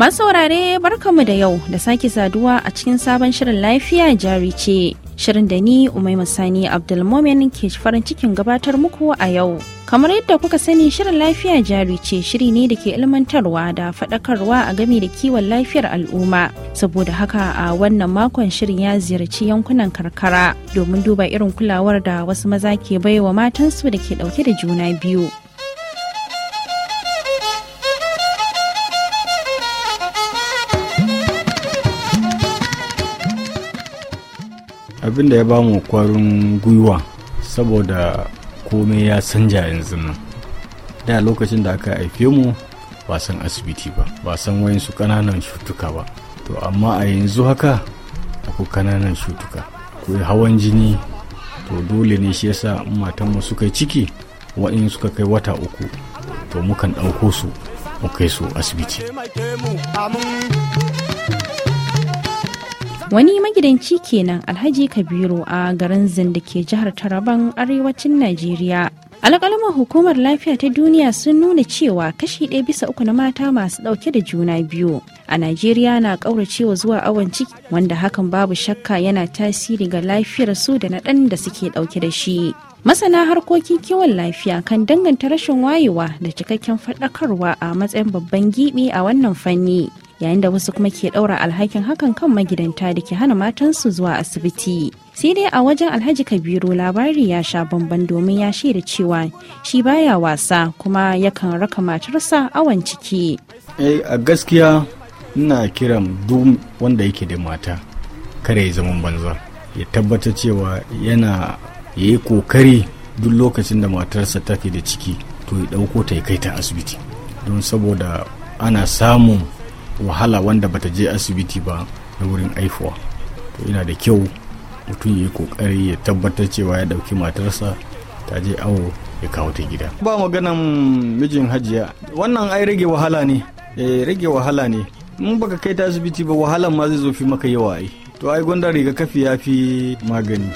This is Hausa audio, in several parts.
Masu saurare barkamu da yau da sake saduwa a cikin sabon shirin lafiya jari ce. Shirin da ni Umai Sani Abdulmomin ke farin cikin gabatar muku a yau. Kamar yadda kuka sani shirin lafiya jari ce shiri ne da ke ilmantarwa da faɗakarwa a game da kiwon lafiyar al'umma. Saboda haka a wannan makon shirin ya ziyarci yankunan karkara domin duba irin kulawar da wasu maza ke baiwa matansu da ke ɗauke da juna biyu. abin da ya ba mu kwarin gwiwa saboda komai ya canja yanzu nan da lokacin da aka haife mu ba san asibiti ba ba san wayan su kananan cutuka ba to amma a yanzu haka akwai kananan cutuka ko hawan jini to dole ne shi yasa matanmu suka yi ciki wa'in suka kai wata uku to mukan ɗauko su mu kai su asibiti. wani magidanci kenan alhaji kabiru a garin da ke jihar taraban arewacin najeriya alƙalaman hukumar lafiya ta duniya sun nuna cewa kashi ɗaya bisa uku na mata masu ɗauke da juna biyu a najeriya na ƙauracewa zuwa awon ciki wanda hakan babu shakka yana tasiri ga lafiyar su da na ɗan da suke ɗauke da shi masana harkokin kiwon lafiya kan danganta rashin wayewa da cikakken faɗakarwa a matsayin babban giɓi a wannan fanni yayin da wasu kuma ke ɗaura alhakin hakan kan magidanta da ke hana matansu zuwa asibiti. sai dai a wajen alhaji kabiru labari ya sha bamban domin ya shaida cewa shi baya wasa kuma yakan raka matarsa awon ciki. Eh, a gaskiya ina kiran duk wanda yake da mata kare ya zama banza ya tabbata cewa yana ya yi kokari duk lokacin da matarsa take da ciki to ya ɗauko ta ya kai ta asibiti don saboda ana samun wahala wanda bata je asibiti ba na wurin aifuwa to yana da kyau mutum ya yi kokari ya tabbatar cewa ya dauki matarsa ta je awo ya kawo ta gida ba maganan mijin hajiya wannan ai rage wahala ne eh, rage wahala ne in baka kai ta asibiti ba wahalan ma zai zo fi maka yawa ai to ai gwanda rigakafi ya fi magani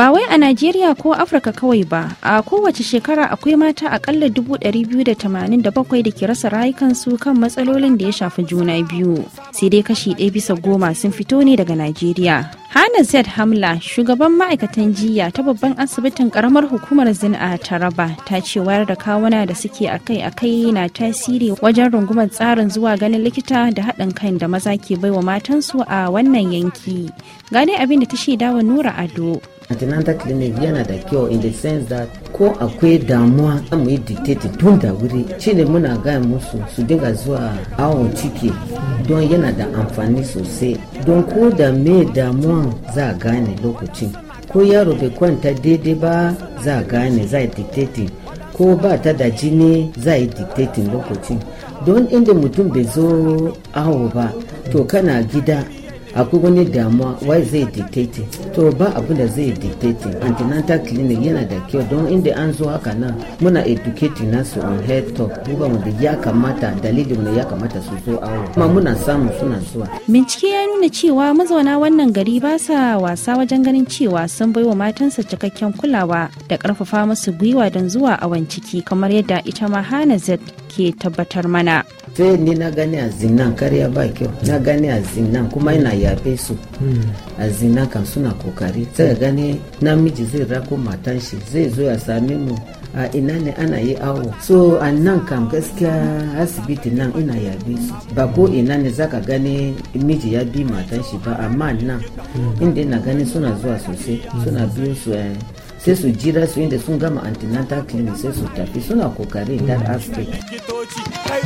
ba wai a najeriya ko afirka kawai ba a kowace shekara akwai mata akalla 287 da ke rasa rayukansu kan matsalolin da ya shafi juna biyu sai dai kashi ɗaya bisa goma sun fito ne daga najeriya hana z hamla shugaban ma'aikatan jiya ta babban asibitin karamar hukumar zina taraba ta ce wayar da kawuna da suke akai-akai na tasiri wajen rungumar tsarin zuwa ganin likita da haɗin kan da maza ke baiwa matansu a wannan yanki gane abin da ta shaidawa nura ado antenatal clinic yana da kyau in the sense that ko akwai damuwa za mu yi dictating tun da wuri ne muna gaya musu su dinga zuwa awon ciki don yana da amfani sosai don ko da me damuwan za a gane lokacin ko yaro bai kwanta daidai ba za a gane za a dictating ko ba ta da jini za a yi dictating lokacin don inda mutum bai zo awo ba to kana gida akwai wani damuwa wai zai dictate to ba abu da zai dictate antenatal clinic yana da kyau don inda an zo haka nan muna educate nasu on head talk buga mu da ya kamata dalilin mu ya kamata su zo awo kuma muna samu suna zuwa bincike ya nuna cewa mazauna wannan gari ba sa wasa wajen ganin cewa sun baiwa matansa cikakken kulawa da karfafa musu gwiwa don zuwa awon ciki kamar yadda ita ma Hana Z ke tabbatar mana fe ni na gani a kariya ba kyau na gani a kuma ina yabe su azina kan kam suna kokari sai gani namiji zai rako matan shi zai zo ya same mu a ina ne ana yi awo so a nan kam gaskiya asibiti nan ina yabe su ba ko ina ne zaka gani miji ya bi matan shi ba amma nan hmm. inda ina gani suna zuwa sosai hmm. suna biyo su eh, sai su jira su da sun gama antenatal clinic sai su tafi suna kokari dar aske kai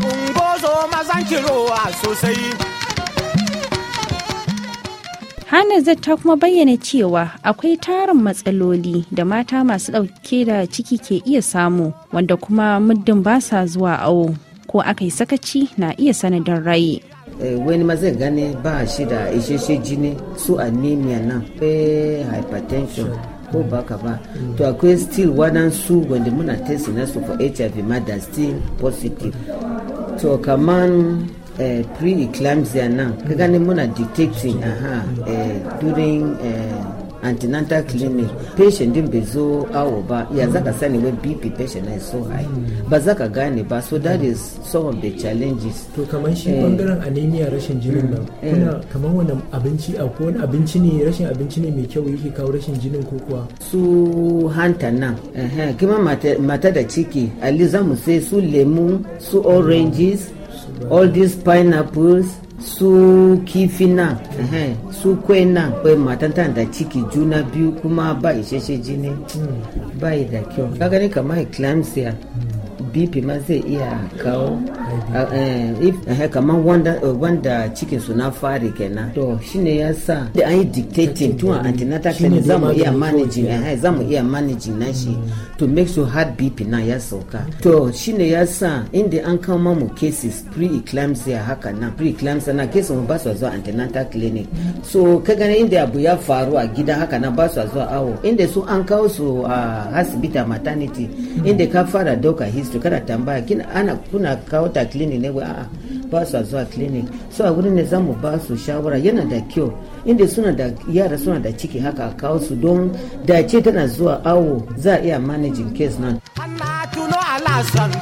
zai sosai ta kuma bayyana cewa akwai tarin matsaloli da mata masu ɗauke da ciki ke iya samu wanda kuma muddin ba sa zuwa awo ko aka yi sakaci na iya sanadin raye. Eh, wani ma zai gane ba shi da isheshe jini su anemia nan eh, hypertension ko ba ka ba to akwai still waɗansu wanda muna test nasu for hiv ma da still positive to kaman uh, eh, pre-eclampsia nan ka gani muna detecting aha uh, during uh, antenatal clinic patient din bai zo awo ba ya zaka sani wai bp patient na so high ba zaka gane ba so that is some of the challenges to kamar shi bangaren anemia rashin jinin nan eh, eh. kuna kamar wannan abinci akwai wani abinci ne rashin abinci ne mai kyau yake kawo rashin jinin ko kuwa su hanta nan eh, kima mata da ciki ali za mu sai su lemu su oranges all these pineapples su kifi nan su kwai nan kwai matan da ciki juna biyu kuma ba isheshe jini hmm. ba da kyau ka gani kamar eclampsia hmm. bp ma zai iya kawo Ah, eh kamar wanda wanda cikin su na fari kenan to shine ya sa da an yi dictating tun antenatal clinic mu iya managing eh zamu iya managing na shi mm. to make sure heart bp na ya sauka mm. to shine ya sa inda an kama mu cases pre-eclampsia haka na. pre-eclampsia na cases mu ba su zuwa antenatal clinic mm. so ka gani inda abu ya faru a gida haka na ba su zuwa awo inda su an kawo su a asibiti maternity inda ka fara doka history kana tambaya kina ana kuna kawo ta a clinic ne wai a'a ba su zuwa clinic so a wurin ne za mu ba su shawara yana da kyau inda suna da yara suna da ciki haka a kawo su don dace tana zuwa awo za a iya managing case nan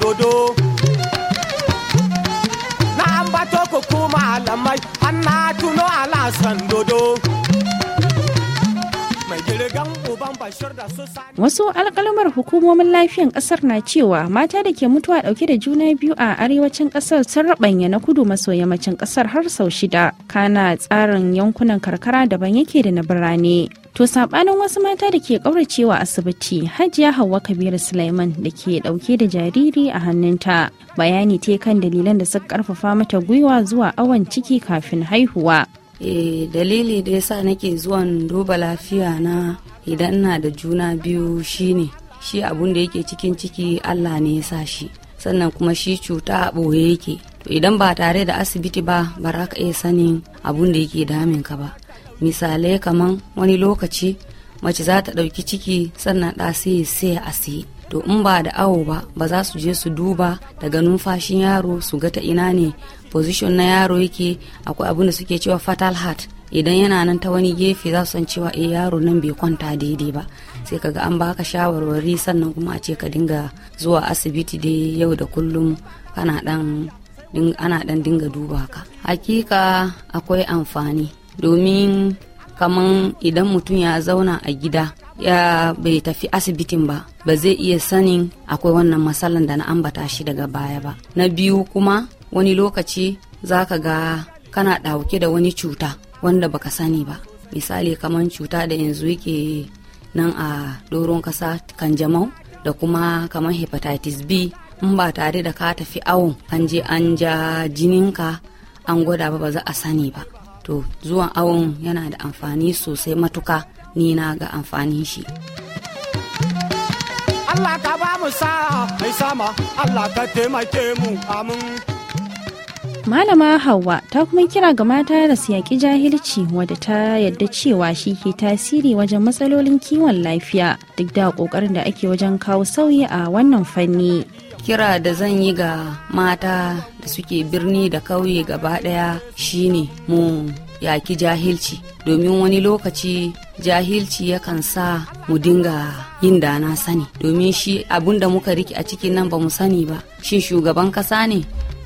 dodo na ambato ko kuma alamai an tuno alasan dodo Wasu alkalamar hukumomin lafiyan kasar na cewa mata da ke mutuwa dauke da juna biyu a arewacin kasar sun rabanya na kudu maso yammacin kasar har sau shida. Kana tsarin yankunan karkara daban yake da na birane. To sabanin wasu mata da ke kauracewa asibiti Hajiya Hauwa Kabiru Sulaiman da ke dauke da jariri a hannunta. Bayani te kan dalilan da suka karfafa mata gwiwa zuwa awon ciki kafin haihuwa. Eh dalili da yasa nake zuwan duba lafiya na idan ina da juna biyu shine shi abun da yake cikin ciki allah ne ya sa shi sannan kuma shi cuta a ɓoye yake to idan ba tare da asibiti ba ba za ka iya sanin abun da yake damin ka ba misalai kaman wani lokaci mace za ta ɗauki ciki sannan ɗa sai sai a siyi. to in ba da awo ba ba za su je su duba daga numfashin yaro su ga ta ina ne position na yaro yake akwai abin da suke cewa fatal heart idan yana nan ta wani gefe za su san cewa eh yaro nan bai kwanta daidai ba sai kaga an baka shawarwari sannan kuma a ce ka dinga zuwa asibiti dai yau da kullum kana dan ana dan dinga duba ka hakika akwai amfani domin kaman idan mutum ya zauna a gida ya bai tafi asibitin ba ba zai iya sanin akwai wannan matsalan da na ambata shi daga baya ba na biyu kuma wani lokaci za ka ga kana ɗauke da wani cuta wanda baka sani ba misali kamar cuta da yanzu yake nan a doron kasa kanjamau da kuma kamar hepatitis b in ba tare da ka tafi awon an je an ja jininka an gwada ba ba za a sani ba to zuwan awon yana da amfani sosai matuka ni na ga amfani shi Allah ka ba mu sa mai sama Allah ka taimake mu amin Malama Hauwa ta kuma kira ga mata da su yaƙi jahilci wadda ta yadda cewa shi ke tasiri wajen matsalolin kiwon lafiya duk da ƙoƙarin da ake wajen kawo sauyi a wannan fanni. Kira da zan yi ga mata da suke birni da kauye gaba ɗaya shine mu yaki jahilci domin wani lokaci jahilci yakan sa mu dinga yin dana sani domin shi abun da muka riki a cikin nan ba mu sani ba shin shugaban kasa ne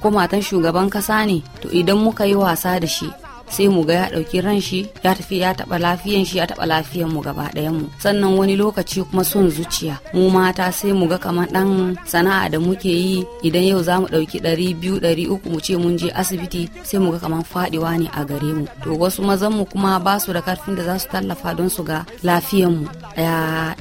ko matan shugaban kasa ne to idan muka yi wasa da shi sai mu ga ya ɗauki ran shi ya tafi ya taɓa lafiyan shi ya taɓa lafiyan mu gaba ɗayan mu sannan wani lokaci kuma son zuciya mu mata sai mu ga kamar ɗan sana'a da muke yi idan yau za mu ɗauki ɗari biyu ɗari uku mu ce mun je asibiti sai mu ga kamar faɗiwa ne a gare mu to wasu mazan mu kuma ba su da karfin da za su tallafa don su ga lafiyan mu ya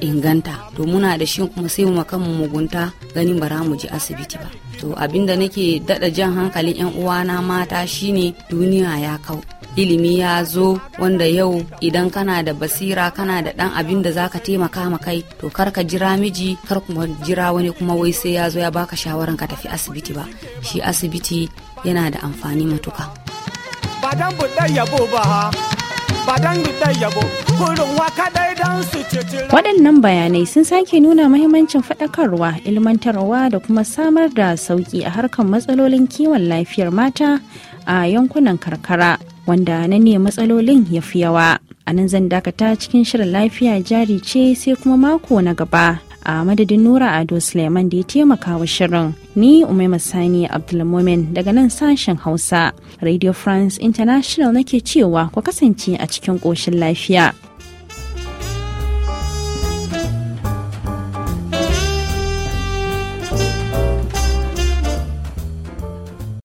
inganta to muna da shi kuma sai mu kanmu mugunta ganin bara mu je asibiti ba. to abin da nake dada jan hankalin yan uwana mata shine duniya ya kau ilimi ya zo wanda yau idan kana da basira kana da dan abin da zaka taimaka ma kai to kar ka jira miji kar kuma jira wani kuma wai sai ya zo ya baka shawaran ka tafi asibiti ba shi asibiti yana da amfani matuka ba dan buɗe yabo ba ha. Waɗannan bayanai sun sake nuna mahimmancin faɗakarwa, ilmantarwa da kuma samar da sauƙi a harkar matsalolin kiwon lafiyar mata a yankunan karkara, wanda na ne matsalolin ya fi yawa. A nan zan dakata cikin shirin lafiya jari ce sai kuma mako na gaba. a madadin Nura Ado Suleiman da ya taimaka wa shirin. Ni Umaima Sani abdulmomin daga nan sashen Hausa, Radio France International nake cewa ku kasance a cikin koshin lafiya.